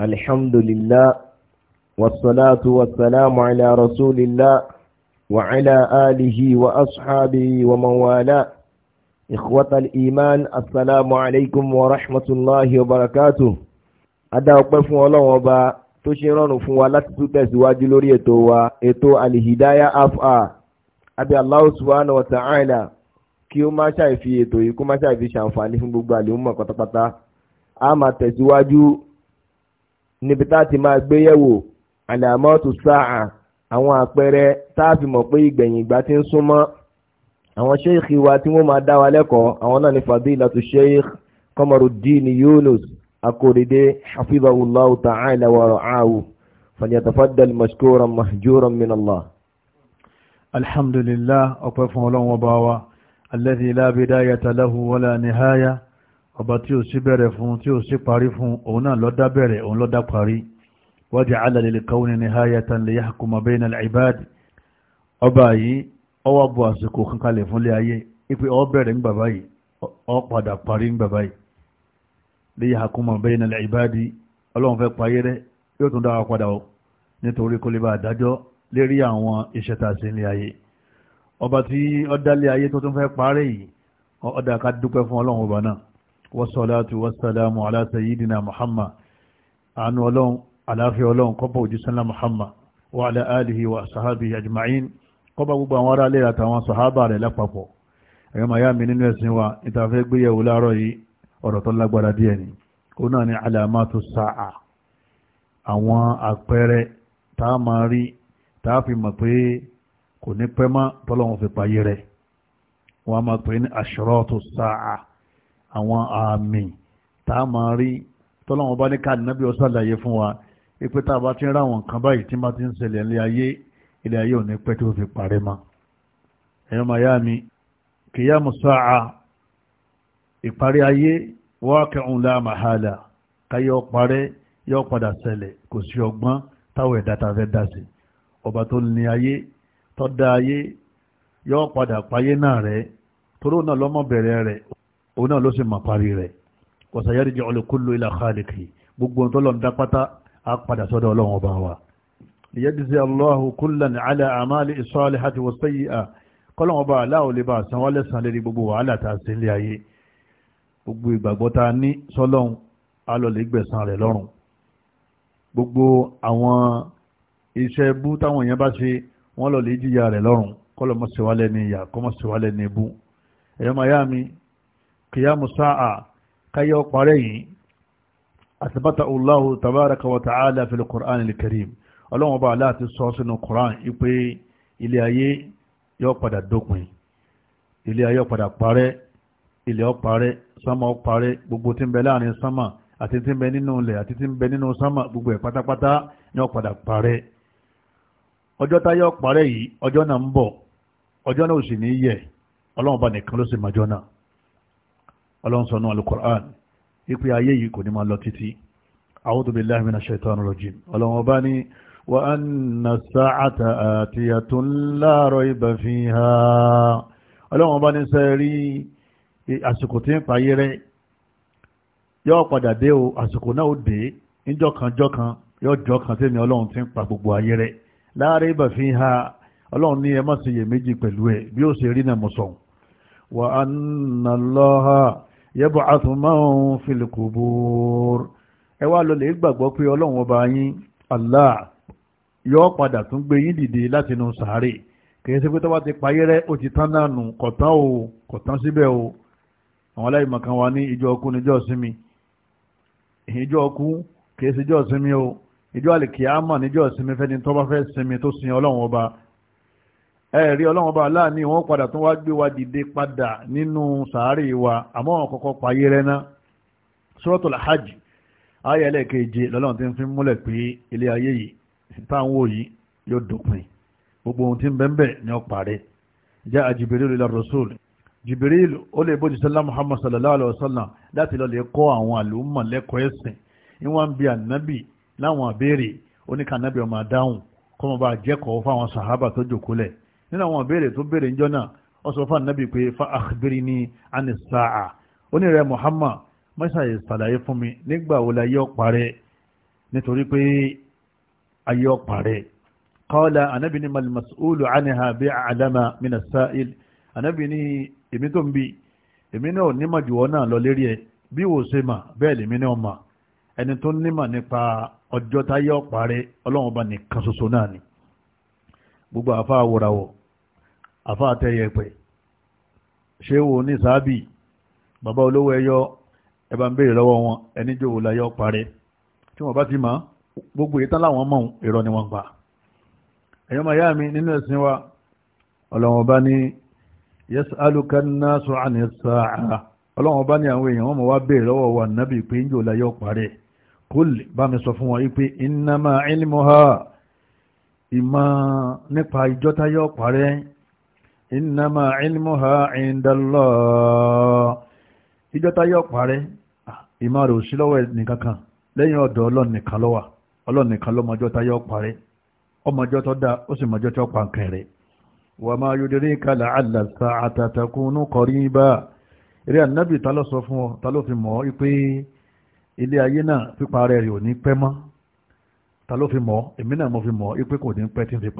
الحمد لله والصلاة والسلام على رسول الله وعلى آله وأصحابه ومن إخوة الإيمان السلام عليكم ورحمة الله وبركاته أدعو قفو الله وبا تشيرون فوا لتتوتس واجلوري توا إتو الهداية أفعى أبي الله سبحانه وتعالى kí ó má ṣàìfi ètò yìí kó má ṣàìfi ṣàǹfààní fún gbogbo àlèhùnmọ̀ pátápátá a máa tẹ̀síwájú níbi tá a ti máa gbé yẹ̀wò àlàmọ́tò sáà àwọn àpẹẹrẹ tá a fi mọ̀ pé ìgbẹ̀yìn ìgbà ti ń súnmọ́ àwọn sheikh wa tí wọ́n máa dá wa lẹ́kọ̀ọ́ àwọn náà ní fadilatu sheikh Qamaruddin Yunus akóredé hafizahullahu ta'ala wa ra'ahu falyatafaddal mashkuran mahjuran min Allah. alhamdulillah fún Ọlọ́run ọba wa alladhi la bidayata lahu wala nihaya ọba tí ó sí bẹ̀rẹ̀ fún tí ó sí parí fún òun náà ló dá bẹ̀rẹ̀ òun ló dá parí waja'ala lil kawni nihayatan liyahkuma bayna al-ibad ọba yìí ọwọ́ bu àsìkò kankalẹ̀ fúnlé ayé ipe ọ bẹ̀rẹ̀ ń bàbá yìí ọ padà parí ń bàbá yìí liyahkuma bayna al-ibad ọlọ́run fẹ́ payé rẹ yóò tún dára nítorí kó lè bá àdájọ́ lérí àwọn iṣẹ́ tá ayé ọba tí ó dálé ayé tó tún fẹ́ parí yìí ó ká dúpẹ́ fún ọlọ́run ọba náà wasalaatu wasalaamu ala sayyidina muhammad anu ọlọ́run aláfíà ọlọ́run kọ́pọ̀ òjísánlá muhammad wa ala alihi wa sahabihi ajma'in kọ́pọ̀ gbogbo àwọn ará lè àtàwọn sahaba rẹ̀ lápapọ̀ ẹ̀yọ́ màá yá mi nínú ẹ̀sìn wa ìtafẹ́ gbéyẹ̀wò láàárọ̀ yìí ọ̀rọ̀ tó lágbára díẹ̀ ni ó náà ni alamatu sa'a àwọn àpẹẹrẹ tá a máa rí fi mọ̀ pé kò ní pẹ́ mọ́ tọ́lọ́run fi payé rẹ̀ wọ́n máa pè ní ashratu sa'a àwọn àmì tá a máa rí tọ́lọ́wọ́n bá ní káàdì nábì ó ṣàlàyé fún wa ipe tá a bá ti ń ráwọn nǹkan báyìí tí má ti ń ṣẹlẹ̀ ilé ayé ilé ayé ò ní pẹ́ tó fi parẹ́ mọ́ ẹ̀yọ́ màyá mi kìyàmù sáà ìparí ayé wákẹ́hùn láàmàhálà káyọ̀ parẹ́ yọ padà ṣẹlẹ̀ kò sí ọgbọ́n táwọn ẹ̀dá ta fẹ́ dá sí ọba tó ní ayé tó dá ayé yọ padà payé náà rẹ̀ toró náà rẹ̀ òun náà ló sì mà parí rẹ̀ kọ̀sàyárí jẹ́ ọlọ́kúlù ilà khaliki gbogbo ohun tó lọ́n dá pátá á padà sọ́dọ̀ ọlọ́run ọba wa ìyẹ́dìsí aláhùn kúlẹ̀ ní alẹ́ àmàlẹ́ ìsọ́ọ̀lẹ́ àti wọ́sẹ́yì à kọ́lọ́run ọba aláwọ̀ lè bá àsan wálẹ̀ sàn lérí gbogbo wàhálà tá a sí ilé ayé gbogbo ìgbàgbọ́ tá ní sọ́lọ́run á lọ rẹ̀ lọ́rùn gbogbo àwọn iṣẹ́ bú táwọn èèyàn bá ṣe wọ́n lọ jìyà rẹ̀ lọ́rùn kọ́lọ́ mọ́ kìyàmù sáà káyọ̀ parẹ́ yìí àtibátà Allahu tabaraka wa ta'ala fil Qur'an al-Karim ọlọ́wọ́n bá sọ sínú Qur'an ipé ilé ayé yóò padà dópin ilé ayé padà parẹ́ ilé parẹ́ parẹ́ gbogbo tí ń bẹ láàrin sánmà àti tí ń bẹ nínú ilẹ̀ gbogbo ẹ̀ pátápátá yóò padà parẹ́ ọjọ́ tá yóò parẹ́ yìí ọjọ́ náà ń bọ̀ ọjọ́ náà ò sì ní ọlọ́nsọ̀nù alukur'an ipe ayé yìí kò ní máa lọ títí a'udhu billahi minash shaitani rajim ọlọ́wọ́n bá ní wa anna sa'ata atiyatun la rayba fiha ọlọ́wọ́n bá ní sẹ́ rí àsìkò tí ń payé rẹ̀ yóò padà dé o àsìkò náà ó dé níjọ́kanjọ́kan yóò jọ́kan tẹ́mi ọlọ́run ti ń pa gbogbo ayé rẹ̀ la rayba fiha ọlọ́run ní ẹ má ṣiyèméjì pẹ̀lú ẹ̀ bí ó ṣe rí náà mọ̀ sọ̀hún wa anna Allaha yab'athu man fil qubur ẹ wá lọlẹ̀ gbàgbọ́ pé ọlọ́run ọba yín Allah yóò padà tún gbé yín dìde láti inú sàárè kìí ṣe pé tó bá ti payé rẹ ó ti tán náà nù kọ̀tán o kọ̀tán síbẹ̀ o àwọn aláìmọ̀ kan wà ní ìjọ ọkú níjọ́ sinmi ìjọ ọkú kìí ṣe ìjọ sinmi o ìjọ àlìkìyàmọ̀ níjọ́ sinmi fẹ́ni tó fẹ́ sinmi tó sin ọlọ́run ọba ẹ̀rí ọlọ́run ọba aláàní wọn padà tún wá gbé wa dìde padà nínú sàárè wa àmọ́ àwọn kọ́kọ́ payé rẹ́ná suratul hajj ayé ẹlẹ́ẹ̀keje lọ́lọ́run ti ń fi múlẹ̀ pé ilé ayé yìí táwọn wò yìí yóò dópin gbogbo ohun ń ni ó rasul ó lè bójú sọlá muhammad sallallahu alayhi wa sallam láti lọ lè kọ́ àwọn àlùmọ̀ lẹ́kọ̀ọ́ ẹ̀sìn ní wọ́n ń bi ànábì láwọn oníkànábì kọ́mọba fáwọn sàhábà tó nínú àwọn ìbéèrè tó béèrè níjọ́ náà ó sọ fún ànábì pé fa akhbirni ani sa'a ó ní rẹ̀ Muhammad mọ́ṣáyè ṣàlàyé fún mi nígbà wo la yọ parẹ́ nítorí pé ayé ọparẹ́ qala ànábì ní mal mas'ulu anha bi a'lama min as ànábì ní èmi tó ń bi èmi náà nímọ̀ jù náà lọ lérí ẹ bí wò ṣe mà bẹ́ẹ̀ lèmi náà mà ẹni tó nímọ̀ nípa ọjọ́ táyé ọparẹ́ ọlọ́run ọba nìkan ṣoṣo náà ni gbogbo àfa àwòràwọ̀ àfa àtẹyẹpẹ ṣéwò ní sábì bàbá olówó ẹyọ ẹ bá ń béèrè lọ́wọ́ wọn ẹni jòwó láyọ̀ parẹ́ tí wọ́n bá ti mọ̀ gbogbo ìtàn láwọn mọ̀ èrò ni wọ́n gbà ẹ̀yọ́ máa yá mi nínú ẹ̀sìn wa ọlọ́wọ́n bá ní yas'aluka an-nasu 'ani as-sa'ah ọlọ́wọ́n bá ní àwọn èèyàn wọ́n mọ̀ wá béèrè lọ́wọ́ wa nàbì pé ń jò láyọ̀ parẹ́ kúl bá mi sọ fún wọn wípé innama ilmuha ìmọ̀ nípa ìjọ́tayọ̀ parẹ́ innama ilmuha inda Allah ha yọ parẹ́ ọ ọ ò sí lọ́wọ́ nìkankan lẹ́yìn ọ̀dọ̀ ọlọ́run nìkan ló wà ọlọ́run yọ parẹ́ ọ dá ó sì mọjọ́ wa ma yudrika la'alla as eré ànábì ta ló sọ fún ọ ta ló fi mọ̀ ọ́ pé ilé ayé náà pípa rẹ̀ ò fi mọ̀ èmi náà mo fi mọ̀ ọ́ pé kò ní pẹ́ tí fi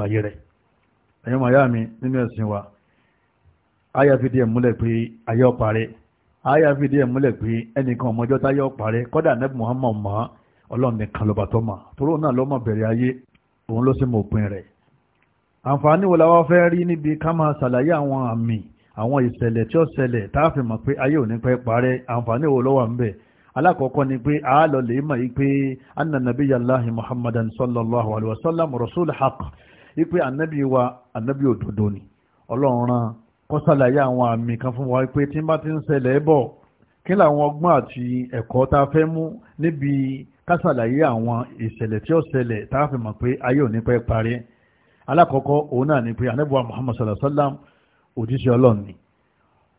àyà fìdí ẹ̀ múlẹ̀ pé ayé ọ̀parẹ́ àyà fìdí ẹ̀ múlẹ̀ pé ẹnìkan ọmọjọ́ táyé ọ̀parẹ́ kọ́dà nẹ́bù Muhammad mọ́ ọlọ́run nìkan lọ́ba tó mọ̀ toró náà ló mọ̀ bẹ̀rẹ̀ ayé òun ló sì mọ̀ òpin rẹ̀ àǹfààní wo la wá fẹ́ rí níbi ká máa ṣàlàyé àwọn àmì àwọn ìṣẹ̀lẹ̀ tí ó ṣẹlẹ̀ tá a fi mọ̀ pé ayé òní pẹ́ parẹ́ àǹfààní wo ló wà ńbẹ̀ alákọ̀ọ́kọ́ muhammadan sallallahu alaihi wasallam rasul haq yí pé wa annabi òdodo ni kó ṣàlàyé àwọn àmì kan fún wa pé tí n bá ti ń ṣẹlẹ̀ bọ̀ kí làwọn ọgbọ́n àti ẹ̀kọ́ tá a fẹ́ mú níbi ká ṣàlàyé àwọn ìṣẹ̀lẹ̀ tí ó ṣẹlẹ̀ tá a fi mọ̀ pé ayé ò ní pẹ́ parí alákọ̀ọ́kọ́ òun náà ni pé anábùwà Muhammad sallallahu alayhi wa sallam òjíṣẹ́ ọlọ́run ni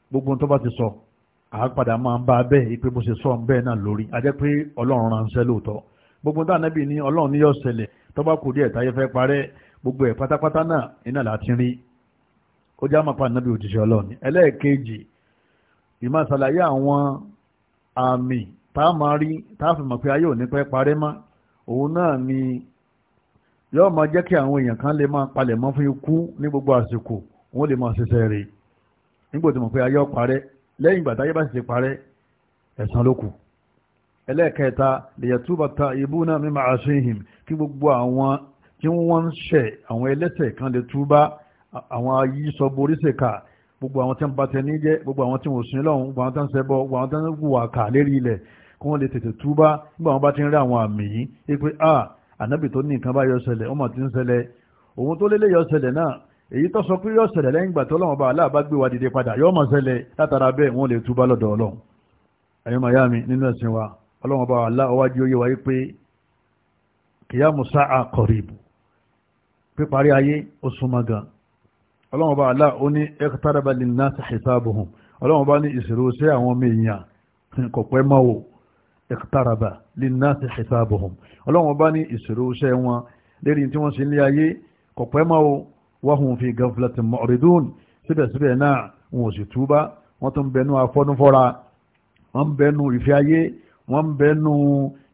gbogbo tó bá ti sọ àápadà máa ń bá a bẹ́ẹ̀ ipe bó ṣe sọ ń bẹ́ẹ̀ náà lórí a jẹ́ pé ọlọ́run ránṣẹ́ lóòótọ́ gbogbo tó ànábì ní ọlọ́run ní yóò ṣẹlẹ̀ tó bá kù díẹ̀ táyé fẹ́ parẹ́ gbogbo ẹ̀ pátápátá náà iná láti rí kó já mọ̀ pa ànábì òjíṣẹ́ ọlọ́run ẹlẹ́ẹ̀kejì ìmọ̀ ṣàlàyé àwọn àmì tá a máa rí tá a fi mọ̀ pé ayé ò ní pẹ́ parẹ́ mọ́ òun náà ni yóò máa jẹ́ kí àwọn èèyàn kan lè máa palẹ̀ mọ́ fún ikú ní gbogbo àsìkò wọ́n lè máa ṣiṣẹ́ rè nígbò tí mo pe ayé ọ̀parẹ́ lẹ́yìn ìgbà táyé bá sì parẹ́ ẹ̀san ló kù ẹlẹ́ẹ̀kẹta lèyẹ̀túbà ta ibú náà mímọ̀ àṣehìn kí gbogbo àwọn tí wọ́n ń ṣẹ̀ àwọn ẹlẹ́ṣẹ̀ kan lè túbá àwọn ayíṣọ́bù oríṣèkà gbogbo àwọn tí ń bàtẹ níjẹ́ gbogbo àwọn tí wọ́n sin lọ́hùn gbogbo àwọn tí ń ṣẹbọ gbogbo àwọn tí ń wùwà kà lérí ilẹ̀ kí wọ́n lè tètè túbá nígbà wọn bá ti ń rí àwọn àmì yìí é pé a ànábì tó ní nǹkan bá yọ ṣẹlẹ̀ ọmọ tí ń ṣẹlẹ̀ òun tó lélẹ̀ yọ ṣẹlẹ̀ náà èyí tó sọ pé yọ ṣẹlẹ̀ lẹ́yìn ìgbà tó lọ́wọ́n bá aláà bá gbé wa dìde padà yọ ọmọ ṣẹlẹ̀ látara bẹ́ẹ̀ wọ́n lè túbá lọ́dọ̀ ọlọ́run ẹ̀yin mayami nínú ẹ̀sìn wa ọlọ́wọ́n bá aláà ọwájú oyé wa yí pé kìyàmù sáà kọ̀rìbù píparí ayé ó súnmọ́ gan ọlọ́run ọba alá ó ní ẹ̀kọ́tàdàbà lè ná hisabuhum ọlọ́run ọba ní ìṣòro sí àwọn ọmọ èèyàn kò pẹ́ mọ́ o ẹ̀kọ́tàdàbà lè ná hisabuhum ọlọ́run ọba ní ìṣòro sí wọn lérí tí wọ́n ṣe ń lé ayé kò pẹ́ mọ́ o wahum fi gaflatin mu'ridun síbẹ̀síbẹ̀ náà wọn ò sì túbá wọ́n tún bẹnu afọ́nufọ́ra wọ́n bẹnu ìfẹ́ ayé wọ́n bẹnu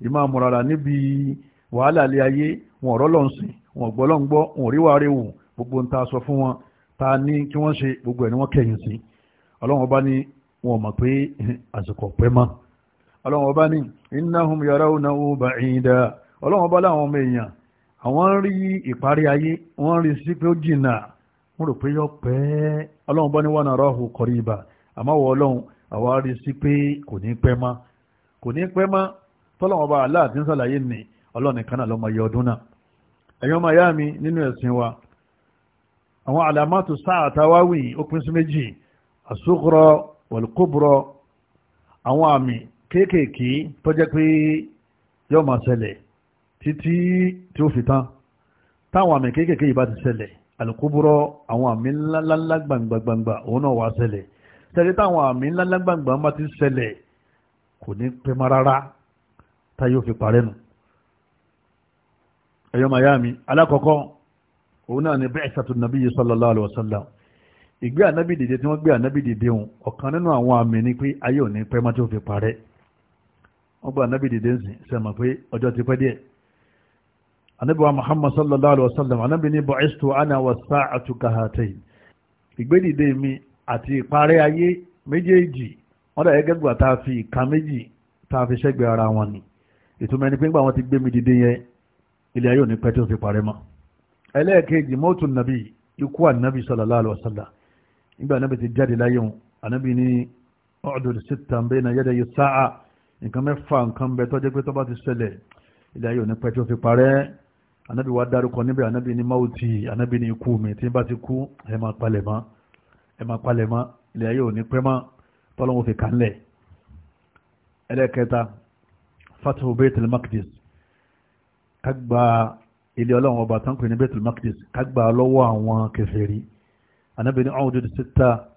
ìmáàmùrara níbi wàhálà ilé ayé wọn ọ̀rọ̀ lọ́nsìn wọn ọ̀gbọ́lọ́ngbọ́ wọn ò ríwáre wù gbogbo ń ta sọ fún wọn ta ní kí wọ́n ṣe gbogbo ẹ̀ ni wọ́n kẹ̀yìn sí ọlọ́run ọba ní wọn mọ̀ pé àsìkò pẹ́ mọ́ ọlọ́run ọba ní innahum yarawnahu ba'ida ọlọ́run ọba láwọn ọmọ èèyàn àwọn rí ìparí ayé wọ́n rí sí pé ó jìnnà wọ́n rò pé yọ pẹ́ ọlọ́run ọba ní wa narahu qariba àmọ́ wọ ọlọ́run àwa rí sí kò ní pẹ́ mọ́ kò ní pẹ́ mọ́ tọ́lọ́run ọba aláàtí ń sàlàyé ní ọlọ́run àwọn àlàmátù sáà tàwáwì ó pín sí méjì àsúkúrọ wọ̀lùkúbùrọ àwọn àmì kéékèèké tó jẹ́ pé yóò máa ṣẹlẹ̀ títí tí ó fi tán táwọn àmì kéékèèké yìí bá ti ṣẹlẹ̀ àlùkúbùrọ àwọn àmì ńláńlá gbàǹgbàǹgbà òun náà wá ṣẹlẹ̀ ṣẹlẹ̀ táwọn àmì ńláńlá gbàǹgbà bá ti ṣẹlẹ̀ kò ní pẹ́ mọ́ rárá tá yóò fi parẹ́ nù ẹ̀yọ́ màyá mi alákọ̀ọ́kọ́ òun náà ni bi'thatu nabi sallallahu alaihi wasallam ìgbé ànábì dìde tí wọ́n gbé ànábì dìde òun ọ̀kan nínú àwọn àmì ni pé ayé òní pẹ́ mọ́ tí ó fi parẹ́ wọ́n gbé ànábì dìde ń sìn sẹ́mọ̀ pé ọjọ́ ti pẹ́ díẹ̀ ànábì wa muhammad sallallahu alaihi wasallam ànábì ní bu'istu ana was-sa'atu kahatayn ìgbé dìde mi àti ìparẹ́ ayé méjèèjì wọ́n dàgẹ́ gẹ́gbà tá a fi ìka méjì tá a fi ẹlẹ́ẹ̀kejì mọ́tò nàbí ikú ànábì sallallahu alaihi wasallam nígbà ànábì ti jáde láyé wọn ànábì ní ọ̀dọ̀ síta ń bẹ́ na yẹ́dẹ̀ yìí sáà nǹkan mẹ́fà nǹkan bẹ tọ́jẹ́ pé tọ́ba ti ṣẹlẹ̀ ilé ayé òní pẹ́ tí ó fi parẹ́ ànábì wa dárúkọ níbẹ̀ ànábì ní máwùtì ànábì ní ikú mi tí bá ti kú ẹ máa palẹ̀ mọ́ ẹ máa palẹ̀ mọ́ ilé ayé òní pẹ́ mọ́ tọ́lọ́wọ́ fi kànlẹ̀ ilé ọlọ́run ọba tán pè ní Baitul Maqdis kágbà lọ́wọ́ àwọn kèfèrí anábì ní ọ̀hún sitta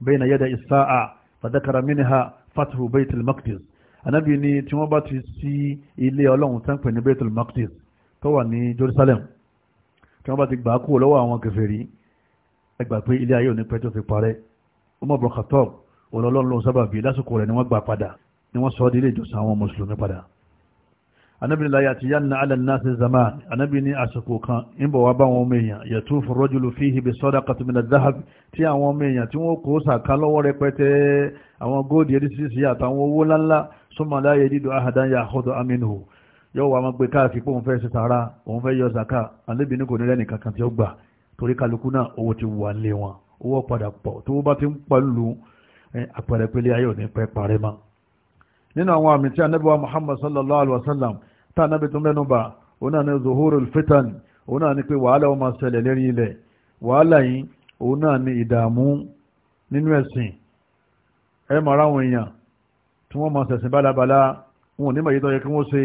bayna yada isa'a fadakara minha fatihu Baitul Maqdis anábì ní tí wọ́n bá ti sí ilé ọlọ́run tán pè ní Baitul Maqdis tó wà ní Jerusalem tí wọ́n bá ti gbà kúrò lọ́wọ́ àwọn kèfèrí ẹ gbà pé ilé ayé òní pẹ́ tó fi parẹ́ Umar bin Khattab ọlọ́run ló sábàbí lásìkò rẹ̀ ni wọ́n gbà padà ni wọ́n sọ ọ́ di ilé ìjọsìn àwọn mùsùlùmí padà anábì la ya'tiyanna 'ala an-nasi zaman anábì ní àsìkò kan ń bọ̀ wá bá wọn ọmọ èèyàn yatufu ar-rajulu fihi bi sadaqatin min adh-dhahab tí àwọn ọmọ èèyàn tí wọ́n kó sàká lọ́wọ́ rẹpẹtẹ àwọn góòdì eréṣiríṣi àtàwọn owó ńláńlá summa la yajidu ahadan ya'khudhu minhu yóò wà máa gbé káàkiri pé òun fẹ́ ṣe sàárà òun fẹ́ yọ zaka anábì ní kò ní tá anábì tún mẹ́nu bà òun náà ní zuhurul fitan òun náà ní pé wàhálà ó máa ṣẹlẹ̀ lérí ilẹ̀ wàhálà yìí òun náà ní ìdààmú nínú ẹ̀sìn ẹ máa ráwọn èèyàn tí wọ́n máa ṣẹ̀sìn bálabàlá wọn ò ní mọ̀ yìí tó yẹ kí wọ́n ṣe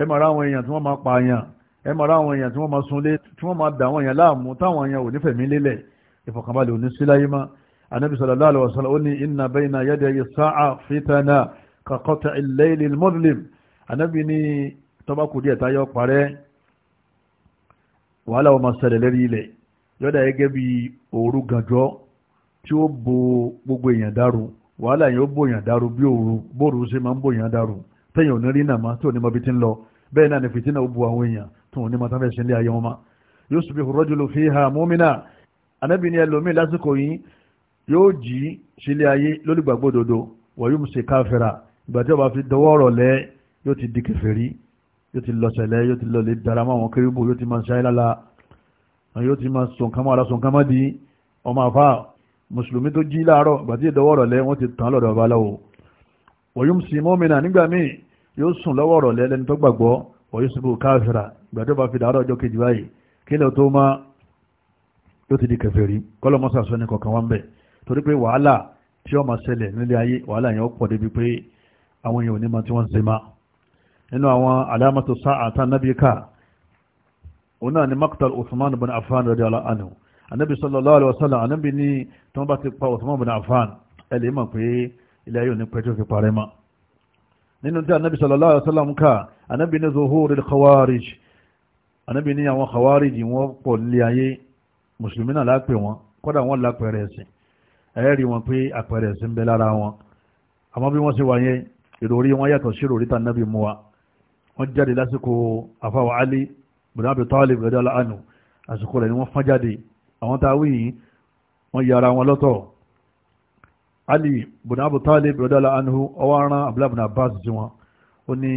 ẹ máa ráwọn èèyàn tí wọ́n máa pààyàn ẹ máa ráwọn èèyàn tí wọ́n máa sunlé tí wọ́n máa dà àwọn èèyàn láàmú táwọn èèyàn ò ní fẹ̀mí lélẹ̀ ìfọ̀kànbalẹ̀ ò ní sí láyé máa النبي صلى الله عليه وسلم قال إن بين يدي الساعة فتنة كقطع الليل المظلم anábì ní tọ́ba kù díẹ̀ táyọ̀ parẹ́ wàhálà wọn máa ṣẹlẹ̀ lẹ́rí ilẹ̀ yọ̀dà gẹ́gẹ́ bí òru gànjọ́ tí ó bo gbogbo èèyàn dàrú wàhálà yẹn ó bòyàn dàrú bí òru bóòrù ṣe máa ń bòyàn dàrú tẹ̀yìn òní rí nàmá tí òní mọbi ti ń lọ bẹ́ẹ̀ náà ni fìtínà ó bu àwọn èèyàn tí òní mọ táfẹ́ sílé ayé wọn ma lásìkò yìí yóò jí sílé ayé ìgbà tí bá fi dọwọ́ rọ̀ lẹ́ẹ́ yóò ti di kèfèrí yóò ti lọ sẹ̀lẹ̀ yóò ti lọ lè darama àwọn kérébù yóò ti máa ṣáyé lála yóò ti máa sọ̀nkámọ́ ara sọ̀nkámọ́ di ọmọ àfa mùsùlùmí tó jí láàárọ̀ gbàtí ìdọ́wọ́ rọ̀lẹ́ wọ́n ti tàn lọ́dọ̀ babaláwo wọ́yùm sí mọ́mìnà nígbà míì yóò sùn lọ́wọ́ rọ̀lẹ́ lẹ́ni tó gbàgbọ́ wọ́yùm sí bò káfíra gbàdó bá fi dàárọ̀ ọjọ́ kejì báyìí kílẹ̀ tó máa yóò ti di kèfèrí kọ́lọ́mọ́sà sọ ní kọ̀ọ̀kan wá ń bẹ̀ torí pé wàhálà àwọn èèyàn ò ní máa tí wọ́n ń ṣe máa nínú àwọn alámàtò sáà tán nábì ká òun náà ni maktal Uthman bin Affan radiyallahu anhu anábì sallallahu alaihi wasallam anábì ní tí wọ́n bá ti pa Uthman bin Affan ẹ lè mọ̀ pé ilé ayé òní pẹ́jọ́ fi parẹ́ mọ́ nínú tí anábì sallallahu alaihi wasallam ká anábì ní zuhuril khawarij anábì ní àwọn khawarij wọ́n pọ̀ nílé ayé mùsùlùmí náà lápè wọn kọ́dà wọ́n lápẹ̀rẹ̀ ẹ̀sìn ẹ̀ẹ́rì wọn pé àpẹẹrẹ ẹ̀sìn bẹ lára wọn àmọ́ bí wọ́n ṣe wà yẹn ìròrí wọn yàtọ̀ sí ìròrí tànàbí mú wa wọ́n jáde lásìkò àfáwà alì bùnà àbí tọ́lì bùnà àlà ànù àsìkò rẹ̀ ni wọ́n fọ́n jáde àwọn tá a wí yìí wọ́n yà ara wọn lọ́tọ̀ alì bùnà àbí tọ́lì bùnà àlà ànù ọwọ́ aràn abúlé bùnà abbas sí wọn ó ní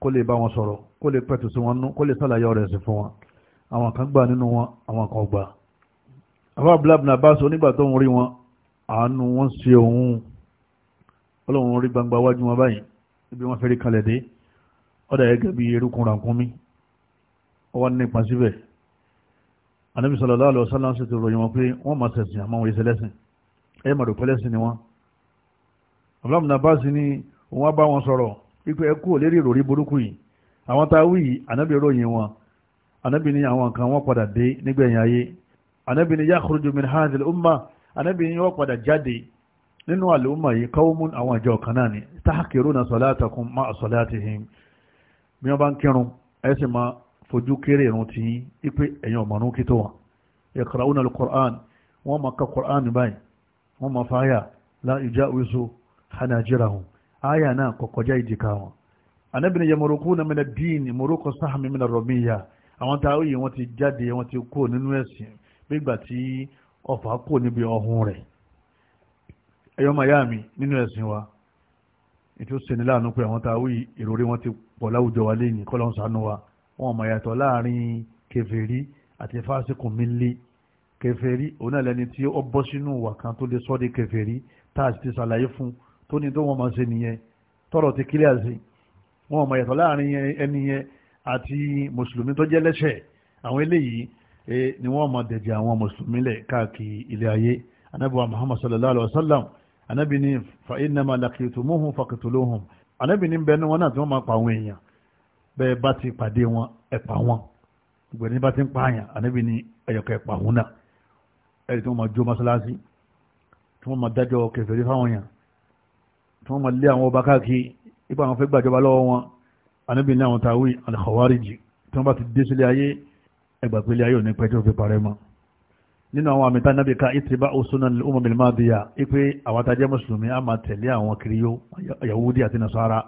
kó lè bá wọn sọ̀rọ̀ kó lè pẹ̀tù sí wọn nú kó lè sàlàyé ọ̀rẹ́ sí fún wọn àwọn kan gbà nínú wọn àwọn kan gbà àwọn abúlé abbas onígbà tó ń rí wọn àánú wọn ṣe òun ọlọ́run rí gbangba wájú wọn báyìí ibi wọn fẹ́rí kalẹ̀ dé ọ̀dà gẹ́gẹ́ bí erukun ràkúnmí ó wá nípa síbẹ̀ anabi sallallahu alaihi wasallam sì ti ròyìn wọn pé wọ́n máa ṣẹ̀sìn àmọ́ wọ́n ṣe lẹ́sìn ẹ̀yẹ́ màdù pẹ́lẹ́sìn ni wọ́n abdullahi nabasi ni òun á bá wọn sọ̀rọ̀ wípé ẹ kú lérí ìròrí burúkú yìí àwọn tá a wí yìí anabi ròyìn wọn anabi ni àwọn kan wọ́n padà dé nígbẹ̀yìn ayé anabi ni yakhruju min hadhihi bí wọ́n bá ń kírun ẹ sì máa fojú kéré irun tí yín ipe ẹ̀yin ọ̀mọ̀nú kí tó wà yaqra'una al-Qur'an wọ́n máa ka Qur'an báyìí wọ́n máa fa àyà la yujawizu hanajirahum àyà náà kò kọjá ìjìká wọn. anábìnrin yamurukuna min ad-din muruqa sahmi min ar-ramiyya àwọn táwọn yìí wọ́n ti jáde wọ́n ti kó nínú ẹ̀sìn ètò sẹni láàánú pé àwọn tá a wí ìròrí wọn ti pọ̀ láwùjọ wa lẹ́yìn kọ́ lọ́n sànú wa wọn mọ̀ yàtọ̀ láàrin kèfèrí àti fásikù mílí òun náà lẹni tí ó bọ́ sínú ìwà kan tó lè sọ́ di kèfèrí tá a ti ṣàlàyé fún tó ní tó wọn máa ṣe nìyẹn tọrọ ti kílẹ̀ àṣẹ wọn mọ̀ yàtọ̀ láàrin ẹni yẹn àti mùsùlùmí tó jẹ́ lẹ́sẹ̀ àwọn eléyìí eh, ni wọ́n máa dẹ̀jẹ̀ àwọn mùsùlùmí lẹ̀ káàkiri ilé ayé anábìwá muhammad sallallahu alayhi wa sallam anábì ní fa innama laqitumuhum faqtuluhum anábì ní bẹnu wọn náà tí wọ́n máa pa àwọn èèyàn bẹ́ẹ̀ bá ti pàdé wọn ẹ pa wọn gbẹ̀rẹ̀ bá ti ń pààyàn anábì ní ẹ̀yọ̀kọ̀ ẹ pa wọn náà ẹ̀rí tí wọ́n máa jó mọ́sálásí tí wọ́n máa dájọ́ kẹfẹ́rí fáwọn èèyàn tí wọ́n máa lé àwọn ọba káàkiri ipa àwọn fẹ́ gbàjọba lọ́wọ́ wọn anábì àwọn tàwí al-Khawarij tí wọ́n bá ti dé sílé ayé ẹgbàgbélé ayé ò ní pẹ́jọ́ fi parẹ́ mọ́ nínú àwọn àmì tánábì ká ìtìbá òsúná l'umamil madiya ipé àwátajẹ́ mùsùlùmí a máa tẹ̀lé àwọn kiriyó yahudi àti nasara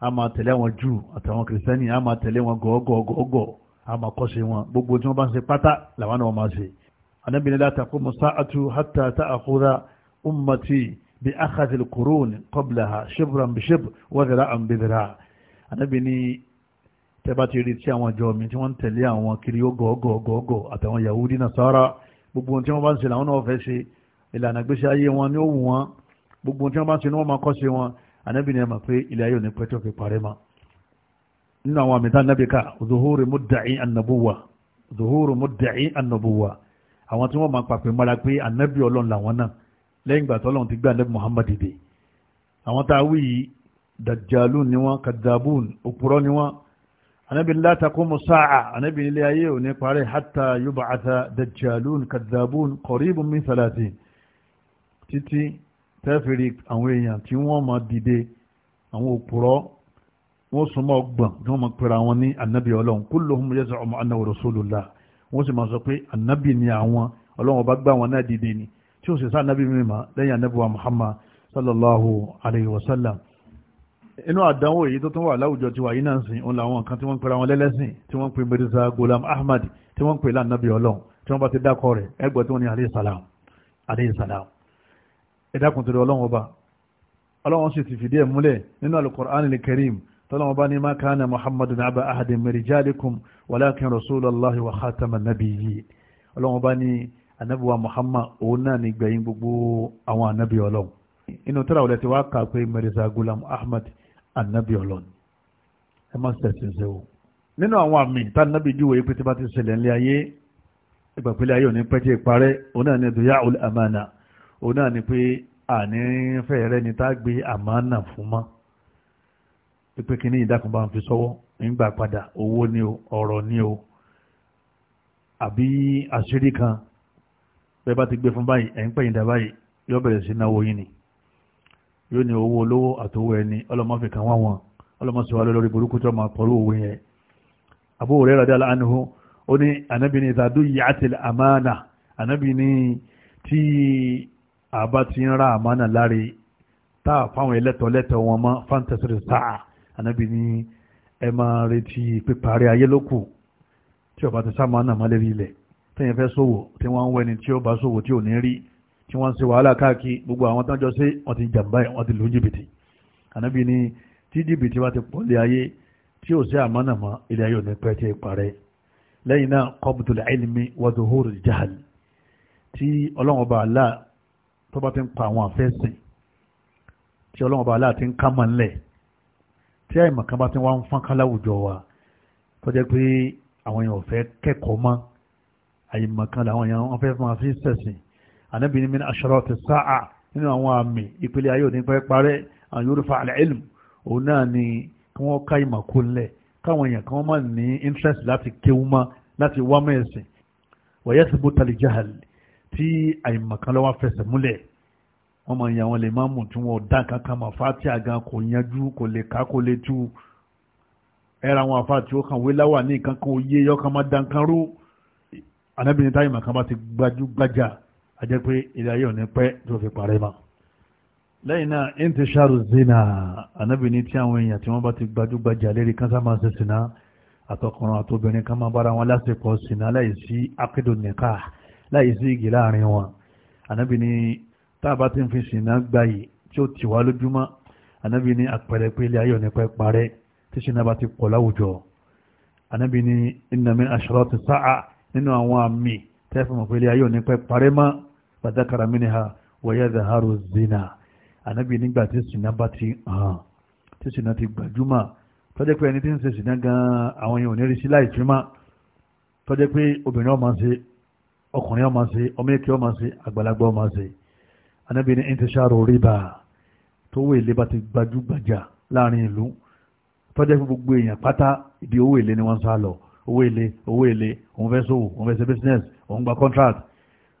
a máa tẹ̀lé àwọn jù àtàwọn kìrìsìtẹ́nì a máa tẹ̀lé wọn gọ́ọ̀gọ́ọ̀gọ́ a máa kọ́sẹ̀ wọn gbogbo tí wọ́n bá ń ṣe pátá làwọn náà máa ṣe anábì nílá takú musaatu hatta ta àkúrá ummati bi akhazil kurun qablaha shibran bi shib wa zira'an bi zira anábì ní ti àwọn jọ mi tí wọ́n tẹ̀lé àwọn kiriyó gọ́ọ̀gọ́ọ̀gọ́ àtàwọn yahudi nasara gbogbo ohun tí wọ́n bá ń ṣe làwọn náà fẹ́ ṣe ìlànà gbèsè ayé wọn ni ó wù wọn gbogbo ohun tí wọ́n bá ń ṣe ni wọ́n máa kọ́ ṣe wọn ànábì ni ẹ mọ̀ pé ilé ayé òní pẹ́tọ́ fi parẹ́ ma nínú àwọn àmì tá ànábì ká zuhuru mudda'i annabuwa zuhuru mudda'i annabuwa àwọn tí wọ́n máa pàpè mọ́ra pé ànábì ọlọ́run làwọn náà lẹ́yìn ìgbà tọ́lọ́run ti gbé ànábì Muhammad dìde àwọn tá a wí yìí dajjalun ni wọ́n kadabun òpùrọ́ ni wọ́n anábi látakó musáà anábi ilé ayé ò ní parí hátà yóò àta dajjalun kadhabun qaribun min salatin títí tẹ́fìrí àwọn èèyàn tí wọ́n máa dìde àwọn òpùrọ́ wọ́n súnmọ́ ọgbọ̀n tí wọ́n máa pèrè àwọn ní anábi ọlọ́run kulluhum yaz'umu annahu rasulullah wọ́n sì máa sọ pé anábi ni àwọn ọlọ́run ọba gbá wọn náà dìde ni tí ó sì sá anábi mímọ́ lẹ́yìn anábi wa muhammad sallallahu alayhi wa sallam inú àdánwò èyí tó tún wà láwùjọ tiwa yìí náà sìn òun làwọn kan tí wọ́n ń pera wọn lẹ́lẹ́sìn tí wọ́n ń pè Mirza Ghulam Ahmad tí wọ́n ń pè lánàbí ọlọ́run tí wọ́n bá ti dákọ̀ rẹ̀ ẹgbẹ́ tí wọ́n ní alayhi salam alayhi salam ẹ̀dákun tó di ọlọ́run ọba ọlọ́run sì ti fìdí ẹ̀ múlẹ̀ nínú al-Qur'anil Karim tọ́lọ́run ọba ní ma kana Muhammadun aba ahadin min rijalikum walakin tíra wọlé ti wá kà pé Mirza Ghulam Ahmad ànábì ọlọ́ni ẹ má ṣẹ̀sìn ṣe o nínú àwọn àmì tánábì júwèé pé tí bá ti ṣẹlẹ̀ ńlẹ̀ ayé ìgbàpẹ́lẹ̀ ayé òní pẹ́ tí ìparẹ́ òun náà ni dùyà ul amana òun náà ni pé àní fẹ́ ni tá gbé àmánà fún mọ́ pípé kí ní bá ń fi sọ́wọ́ nígbà padà owó ni o ọ̀rọ̀ ni o àbí àṣírí kan bẹ́ẹ̀ bá ti gbé fún báyìí ẹ̀ ń pẹ̀yìndà báyìí yọ bẹ̀rẹ̀ sí náwó yín ni yóò ní owó olówó àtòwó ẹni ọlọ́mọ́fẹ́ kan wọ́n wọn ọlọ́mọ́sọ̀wá lórí burúkú tó máa pọ̀lú òwe yẹn Abu Hurairah radiyallahu anhu ó ní anábì ní ìtàdó yìí àti àmánà anábì ní tí àbá ti ń ra àmánà láre tá a fáwọn ẹlẹ́tọ̀ lẹ́tọ̀ wọn mọ́ fantasy sáà anábì ní ẹ máa retí píparí ayé lókù tí ọba ti sá àmánà má lérí ilẹ̀ tẹ́yìn fẹ́ sòwò tí wọ́n ń wẹ́ni tí ó bá tí ò ní rí tí wọ́n ń ṣe wàhálà káàkiri gbogbo àwọn tán jọ sí wọ́n ti jàǹbá ẹ̀ wọ́n ti lu jìbìtì ànábì ni tí jìbìtì bá ti pọ̀ lé ayé tí ò sí àmánàmọ́ ilé ayé òní pẹ́ tí ì parẹ́ lẹ́yìn náà qabdul ilmi wa zuhurul jahl tí ọlọ́run ọba àlá tó bá ti ń pa àwọn àfẹ́sìn tí ọlọ́run ọba àlá ti ń ká anábì ní min ashrati sáà nínú àwọn àmì ìpele ayé òní pẹ́ parẹ́ àwọn yóò fa al-ilm òun náà ni kí wọ́n ká ìmọ̀ kó lẹ̀ káwọn èèyàn kan máa ní interest láti kéwú mọ́ láti wá mẹ́sìn wa yathbuta al-jahl tí àìmọ̀kan lọ́wọ́ fẹsẹ̀ múlẹ̀ wọ́n máa yan àwọn lè máa mú tí wọ́n dá kankan mọ̀ fáti àgan kò yanjú kò lè ká kò lè tú ẹ̀rọ àwọn àfa ó kàn wé láwà ní nǹkan kan òye yọkàn máa dá nǹkan rú anábìnrin táyìmọ̀ bá ti gbajúgbajà a jẹ́ pé ilé ayé ò ní pẹ́ tó fi parẹ́ mọ́ lẹ́yìn náà intisharu zina anábì ní tí àwọn èèyàn tí wọ́n bá ti gbajúgbajà lérí kánsá máa ṣe sìnà àtọkùnrin àtobìnrin kan máa bára wọn lásìkò sìnà láì sí akédò nìka láì sí igi láàrin wọn anábì ní tá a bá ti ń fi sìnà gbayì tí ó ti wá lójúmọ́ anábì ní àpẹẹrẹ pé ilé ayé ò pẹ́ parẹ́ tí sìnà bá ti pọ̀ láwùjọ anábì ní inna min ashrati sa'a nínú àwọn àmì tẹ́fìmọ̀ pé ilé ayé ò pẹ́ parẹ́ mọ́ fàdákàrà mìíràn wọ̀yẹ́dà haro zina ànábì nígbà tí sinna bá ti hàn tí sinna ti gbajúmọ̀ tọ́jẹ́ pé ẹni tí ń ṣe sinna gan-an àwọn yẹn ò ní rí sí láì túmọ̀ tọ́jẹ́ pé obìnrin ọmọ ṣe ọkùnrin ọmọ ṣe ọmọ èké ọmọ ṣe àgbàlagbà ọmọ ṣe ànábì ní intisharu riba tó wọ èlé bá ti gbajúgbajà láàrin ìlú tọ́jẹ́ pé gbogbo èèyàn pátá ìdí owó èlé ni wọ́n sá lọ owó èlé owó èlé òun fẹ́ sòwò business òun contract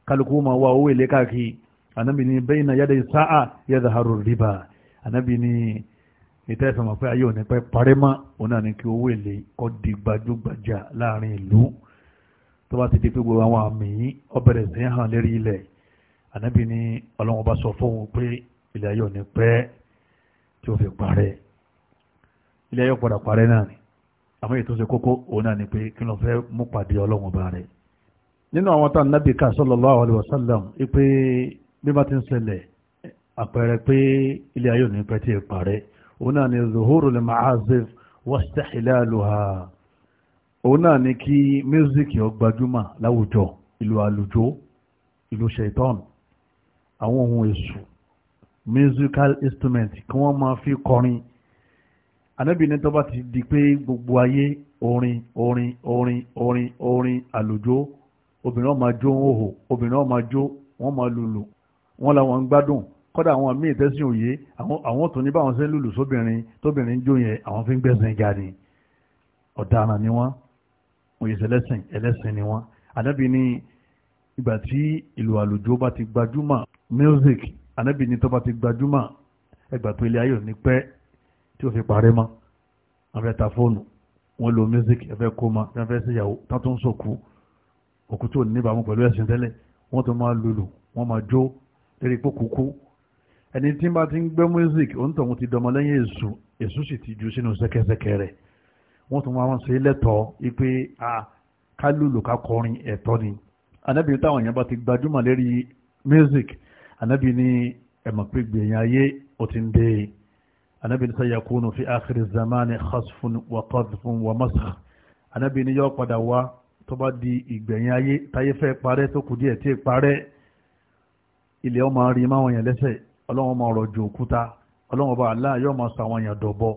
kálukú ma wá owó èlé káàkiri anábì ní bayna yaday sa'a yadharu riba anábì ní ìtẹ́sán mọ̀ pé ayé òní pẹ́ parẹ́mọ́ òun náà ní kí owó èlé kọ́ di gbajúgbajà láàrin ìlú tó bá ti di pé gbogbo àwọn àmì yìí ọbẹ̀rẹ̀ sí hàn lérí ilẹ̀ anábì ní ọlọ́wọ́n bá sọ fóun pé ilẹ̀ ayé òní pẹ́ tí ó fi parẹ́ ilẹ̀ ayé padà parẹ́ náà ni àmọ́ ètò ṣe kókó òun náà ni pé kí ló fẹ́ mú pàdé ọlọ́wọ́n bá rẹ̀ nínú àwọn tán nábì ká sallallahu alaihi wasallam ipé bí bá ti ń ṣẹlẹ̀ àpẹẹrẹ pé ilé ayé òní pẹ́ tí ì parẹ́ òun náà ni zuhuru lil ma'azif wastihlaluha òun náà ni kí mísíkì ó gbajúmọ̀ láwùjọ ìlú àlùjọ ìlú shaitan àwọn ohun èṣù musical instrument kí wọ́n máa fi kọrin anábì ní tó bá ti di pé gbogbo ayé orin orin orin orin orin àlùjọ obìnrin ọmọ jó ń hòhò obìnrin ọmọ jó wọ́n máa lùlù wọ́n làwọn ń gbádùn kọ́dà àwọn míì tẹ́sí òye àwọn tó ní báwọn ṣe ń lùlù sóbìnrin tóbìnrin jó yẹn àwọn fi ń gbẹ̀sìn ga ọ̀daràn ni wọ́n òyìnbó ẹlẹ́sìn ẹlẹ́sìn ni wọ́n ànábì ní ìgbà tí ìlú àlùjó bá ti gbajúmọ̀ music ànábì ní tó bá ti gbajúmọ̀ ẹgbà tó ilé ayé ní pẹ́ tí ó fi parẹ́ mọ́ àwọn ẹ̀ta fóònù wọ́n lo music ẹ̀fẹ́ kó ma ẹ̀fẹ́ ṣèyàwó tán tó ń sòkú òkú tó níbàámu pẹ̀lú ẹ̀sìn tẹ́lẹ̀ wọ́n tó máa lulù wọ́n máa jó lérí pé kúkú ẹni tí bá ti ń gbé music òǹtọ̀hún ti dọmọ lẹ́yìn èṣù èṣù sì ti ju sínú sẹ́kẹ́sẹ́kẹ́ rẹ̀ wọ́n tó máa ṣe lẹ́tọ̀ọ́ wípé a ká lulù ká kọrin ẹ̀tọ́ ni anábì táwọn èèyàn bá ti gbajúmọ̀ lérí music anábì ní ẹ̀mọ̀ pé gbèyàn ayé ó ti ń dé anábì ní sayakunu fi akhiri zamani khasfun wa qadhfun wa masakh anábì ní yóò tó bá di ìgbẹ̀yìn ayé táyé fẹ́ parẹ́ tó kù díẹ̀ tí ì parẹ́ ilẹ̀ ọmọ rí máwọn èèyàn lẹ́sẹ̀ ọlọ́wọ́n máa rọ̀jò òkúta ọlọ́wọ́n bá aláà yóò máa sọ àwọn èèyàn dọ̀bọ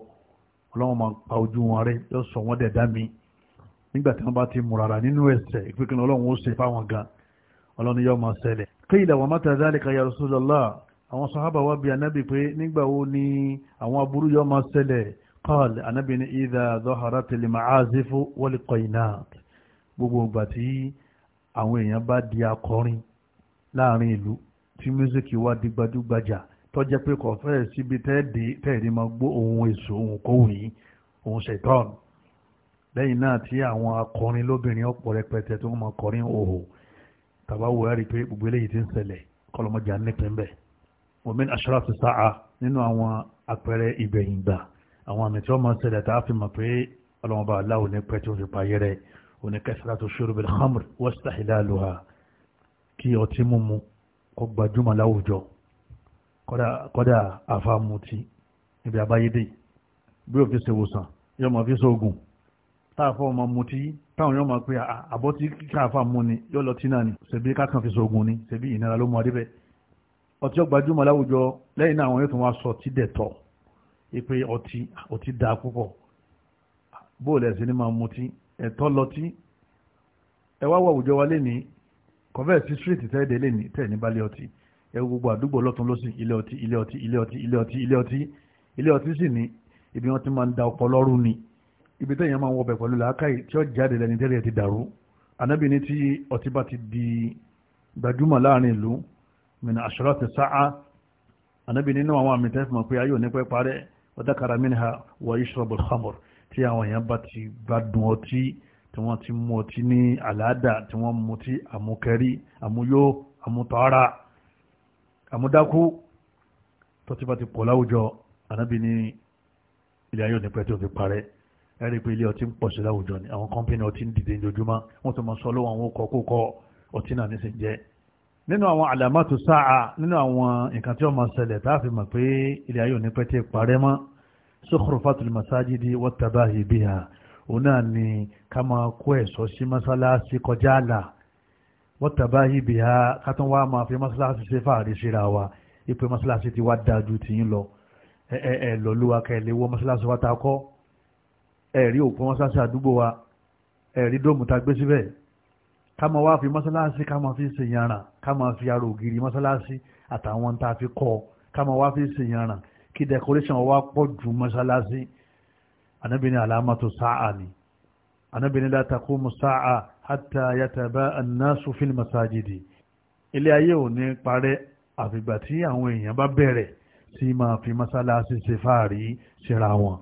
ọlọ́wọ́n máa pa ojú wọn rẹ yóò sọ wọ́n dẹ̀dá mi nígbà tí wọ́n bá ti mùràrà nínú ẹ̀ṣẹ̀ ìpínlẹ̀ ọlọ́wọ́n ó ṣe fáwọn gan ọlọ́run yóò máa ṣẹlẹ̀ qila wa mata dhalika ya Rasulullah àwọn sahaba wa bi anabi pé nígbà wo ni àwọn aburú yóò máa ṣẹlẹ̀ qala anabi ni gbogbo ìgbà tí àwọn èèyàn bá di akọrin láàrin ìlú tí mísíkì wá di gbajúgbajà tó jẹ́ pé kò fẹ́ síbi tẹ́ẹ̀dì máa gbọ́ ohun èso ohun kóhùn yìí ohun ṣẹ̀tọ́n lẹ́yìn náà tí àwọn akọrin lóbìnrin ọ̀pọ̀ rẹpẹtẹ tó máa kọrin òhò tàbá wò ẹ́ rí i pé gbogbo eléyìí ti ń ṣẹlẹ̀ kọlọmọjà nípìn bẹ́ẹ̀ omin ashratu sa'a nínú àwọn àpẹẹrẹ ìgbẹ̀yìn gbà àwọn àmì tí wọ́n máa ṣẹlẹ̀ tá a fi mọ̀ pé ọlọ́mọba aláwo ní pẹ́ tí ó fi pa ayẹ́rẹ́ oníkẹsìlá tó ṣòro bẹ̀rẹ̀ hamr wọ́sítàhílá lóha kí ọtí mímu kó gbajúmọ̀ láwùjọ kọ́dà àfàmùtí níbi àbáyédè bí òfin ṣe wòsàn yóò máa fi sóògùn táàfọ́ ọmọ mutí táwọn yóò máa pe àbọ́tí káàfà mú ni yóò lọ tí náà ni ṣèbí kákan fi sóògùn ni ṣèbí ìnira ló mú adé bẹ́ẹ̀ ọtí ó gbajúmọ̀ láwùjọ lẹ́yìn náà àwọn yóò tún wá sọ ọtí dẹ̀tọ̀ ipe ọtí ọtí dáa púpọ̀ bóòlù ẹ̀sìn ni máa mutí ẹ̀tọ́ lọtí ẹ wá wọ àwùjọ wa lẹ́ni kọ́fẹ́ sí street tẹ́ẹ̀dẹ̀ lẹ́ni tẹ́ẹ̀ ní balẹ̀ ọtí ẹ gbogbo àdúgbò lọ́tún lọ́sìn ilé ọtí ilé ọtí ilé ọtí ilé ọtí ilé ọtí ilé ọtí sì ni ibi wọn ti máa ń da ọpọlọ rú ni ibi tẹ́yìn máa ń wọbẹ̀ pẹ̀lú làákàyè tí ó jáde lẹ́ni tẹ́lẹ̀ ti dàrú anábì ní tí ọtí bá ti di gbajúmọ̀ láàrin ìlú mìnà àṣọra ti sáà anábì nínú àwọn àmì tẹ́fì mọ̀ pé ayé òní pẹ́ parẹ́ ọ̀dàkàrà mìnà wà tí àwọn èèyàn bá ti gbádùn ọtí tí wọ́n ti mú ọtí ní àlàádà tí wọ́n mú ti àmúkẹ́rí àmúyó àmútọ́ra àmúdákú tó ti bá ti pọ̀ láwùjọ ànábì ní ilé ayé onípẹ́ tó fi parẹ́ ẹ rí i pé ilé ọtí ń pọ̀ sí láwùjọ ni àwọn kọ́mpínì ọtí ń dìde ojoojúmọ́ wọ́n tún máa sọ lọ́wọ́ àwọn okọ̀ kókọ́ ọtí náà nísìnyí jẹ́ nínú àwọn àlàmátù sáà nínú àwọn nǹkan tí wọ́n máa ṣẹlẹ̀ tá mọ̀ pé ilé ayé onípẹ́ tí ì parẹ́ mọ́ sukhrufatul masajidi wattabahi biha òun náà ni ká máa kó ẹ̀ṣọ́ sí mọ́sálásí kọjá àlà wattabahi biha ká tún wá máa fi mọ́sálásí ṣe fàárí síra wa ipe mọ́sálásí ti wá dáa ju tìyín lọ ẹ ẹ ẹ lọ́lúwa kẹ́lẹ́ wọ mọ́sálásí wa ta kọ́ ẹ rí òpin mọ́sálásí àdúgbò wa ẹ rí dóòmù ta gbé síbẹ̀ ká máa fi mọ́sálásí ká fi ṣèyànràn ká máa fi arò ògiri mọ́sálásí àtàwọn fi kọ́ ká máa wá fi ṣèyànràn kí decoration wa pọ̀ ju mọ́ṣáláṣí anábì ní alamatu sa'a ni anábì ní la taqumu sa'a hatta yataba annasu fil masajidi ilé ayé ò ní parẹ́ àfìgbà tí àwọn èèyàn bá bẹ̀rẹ̀ sí máa fi mọ́ṣáláṣí ṣe fáàrí síra wọn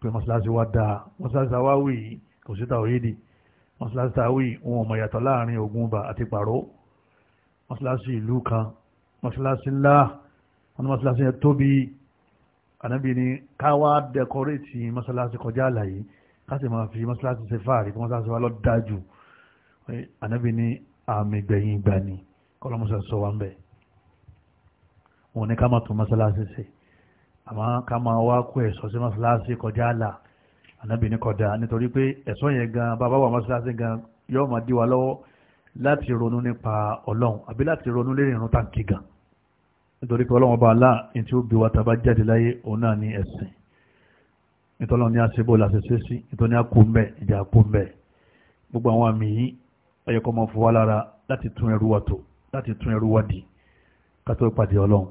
pé mọ́ṣáláṣí wa dáa mọ́ṣáláṣí wa wì kò sí tàwídì mọ́ṣáláṣí ta wì wọn ọmọ yàtọ̀ láàrin Ògúnbà àti Pàró mọ́ṣáláṣí ìlú kan mọ́ṣáláṣí ńlá wọn ni mọ́ṣáláṣí yẹn tóbi ànábì ni káwá dẹkọrétì mọ́sálásí kọjá àlàyé ká sì máa fi mọ́sálásí ṣe fáàrí kí mọ́sálásí wa lọ dájú ànábì ni àmì gbẹ̀yìn ìgbà ni kọ́lọ́mọ́sá sọ wá ń bẹ̀ wọn ni ká máa tún mọ́sálásí ṣe àmọ́ ká máa wá kó ẹ̀sọ́ sí mọ́sálásí kọjá àlà ànábì ni kódà nítorí pé ẹ̀sọ́ yẹn gan bàbá wà mọ́sálásí gan yóò máa dí wa lọ́wọ́ láti ronú nípa ọlọ́run àbí láti ronú lérí ìrun táǹkì gan nítorí pé ọlọ́wọ́n bá aláà ní tí ó bí wa tàbá jáde láyé òun náà ní ẹ̀sìn nítorí ní àṣebó làṣẹṣẹ́ sí nítorí ní àkóńbẹ̀ ìjà àkóńbẹ̀ gbogbo àwọn àmì yìí ẹ̀yẹ́kọ́ máa fọwọ́ lára láti tún ẹrú wa tò láti tún ẹrú wa dì ká tó ọlọ́run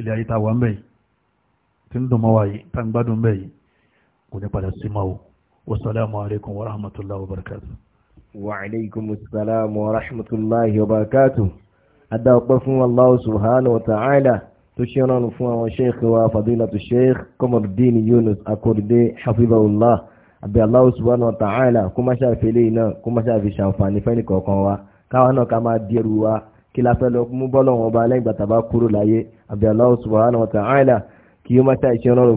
ilé ayé tá a wà ń bẹ̀ yìí tí ń dùn mọ́ wa yìí tá ń gbádùn bẹ̀ yìí kò ní padà sí máa o barakatu. wa alaykum salaam wa rahmatulahi barakatu adá ọpẹ́ fún Allah subhanahu wa ta'ala tó ṣe rọrùn fún àwọn sheikh wa fadilatu sheikh Qamaruddin Yunus Akorede hafizahullah àbí Allah subhanahu wa ta'ala kó má ṣàfi eléyìí náà kó má ṣàfi ṣàǹfààní fẹ́ni kọ̀ọ̀kan wa káwa náà ká máa dẹrù wa kí la fẹ́ lọ mú bọ́lọ̀ wọn ba lẹ́yìn gbàtà kúrò láyé àbí Allah subhanahu wa ta'ala kí ó má ṣàìṣe